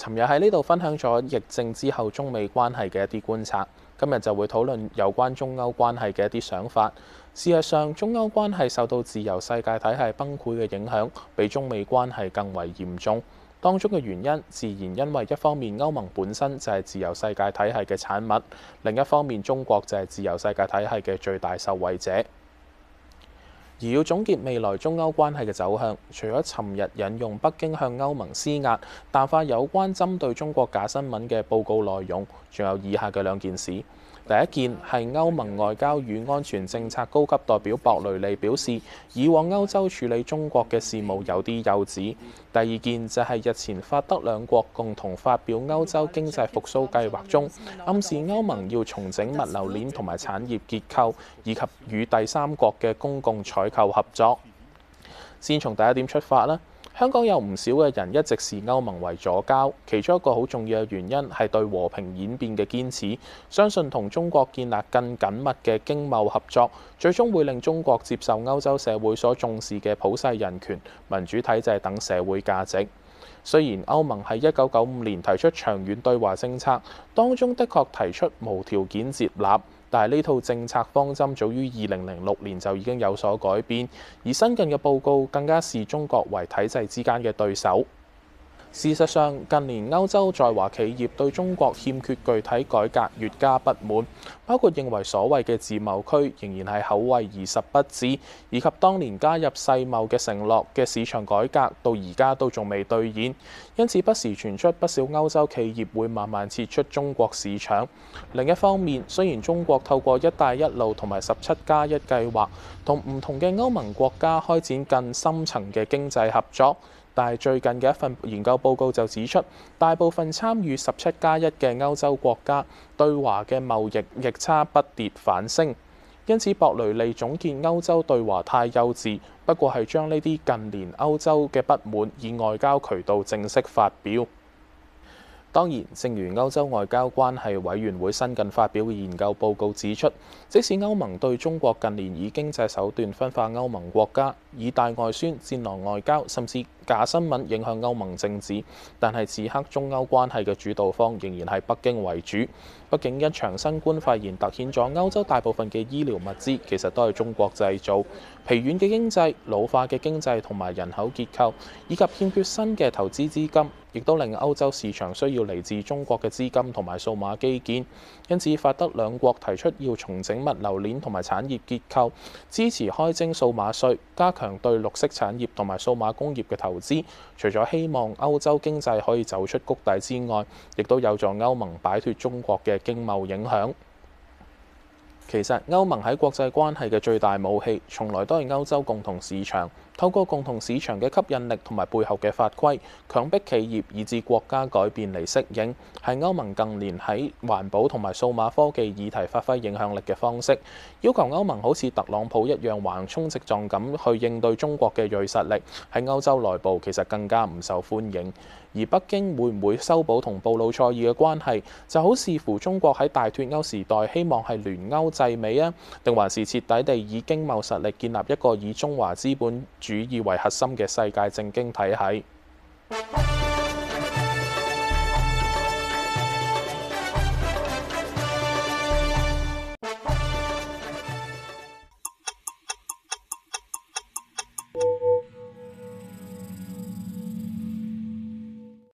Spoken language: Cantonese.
尋日喺呢度分享咗疫症之後中美關係嘅一啲觀察，今日就會討論有關中歐關係嘅一啲想法。事實上，中歐關係受到自由世界體系崩潰嘅影響，比中美關係更為嚴重。當中嘅原因，自然因為一方面歐盟本身就係自由世界體系嘅產物，另一方面中國就係自由世界體系嘅最大受惠者。而要總結未來中歐關係嘅走向，除咗尋日引用北京向歐盟施壓、淡化有關針對中國假新聞嘅報告內容，仲有以下嘅兩件事。第一件係歐盟外交與安全政策高級代表博雷利表示，以往歐洲處理中國嘅事務有啲幼稚。第二件就係日前法德兩國共同發表歐洲經濟復甦計劃中，暗示歐盟要重整物流鏈同埋產業結構，以及與第三國嘅公共採求合作。先從第一點出發啦，香港有唔少嘅人一直視歐盟為左膠，其中一個好重要嘅原因係對和平演變嘅堅持。相信同中國建立更緊密嘅經貿合作，最終會令中國接受歐洲社會所重視嘅普世人權、民主體制等社會價值。雖然歐盟喺一九九五年提出長遠對華政策，當中的確提出無條件接納。但係呢套政策方針早於二零零六年就已經有所改變，而新近嘅報告更加視中國為體制之間嘅對手。事實上，近年歐洲在華企業對中國欠缺具體改革越加不滿，包括認為所謂嘅自貿區仍然係口惠而實不至，以及當年加入世貿嘅承諾嘅市場改革到而家都仲未兌現。因此不時傳出不少歐洲企業會慢慢撤出中國市場。另一方面，雖然中國透過「一帶一路」同埋「十七加一」計劃，同唔同嘅歐盟國家開展更深層嘅經濟合作。但係最近嘅一份研究報告就指出，大部分參與十七加一嘅歐洲國家對華嘅貿易逆差不跌反升，因此博雷利總結歐洲對華太幼稚，不過係將呢啲近年歐洲嘅不滿以外交渠道正式發表。當然，正如歐洲外交關係委員會新近發表嘅研究報告指出，即使歐盟對中國近年以經濟手段分化歐盟國家，以大外宣、戰狼外交，甚至假新聞影響歐盟政治，但係此刻中歐關係嘅主導方仍然係北京為主。畢竟一場新冠肺炎突顯咗歐洲大部分嘅醫療物資其實都係中國製造，疲軟嘅經濟、老化嘅經濟同埋人口結構，以及欠缺新嘅投資資金，亦都令歐洲市場需要嚟自中國嘅資金同埋數碼基建。因此法德兩國提出要重整物流鏈同埋產業結構，支持開徵數碼稅，加強對綠色產業同埋數碼工業嘅投資。除咗希望歐洲經濟可以走出谷底之外，亦都有助歐盟擺脫中國嘅經貿影響，其實歐盟喺國際關係嘅最大武器，從來都係歐洲共同市場。透過共同市場嘅吸引力同埋背後嘅法規，強迫企業以至國家改變嚟適應，係歐盟近年喺環保同埋數碼科技議題發揮影響力嘅方式。要求歐盟好似特朗普一樣橫衝直撞咁去應對中國嘅鋭實力，喺歐洲內部其實更加唔受歡迎。而北京會唔會修補同布魯塞爾嘅關係，就好視乎中國喺大脱歐時代希望係聯歐制美啊，定還是徹底地以經貿實力建立一個以中華資本主義為核心嘅世界政經體系。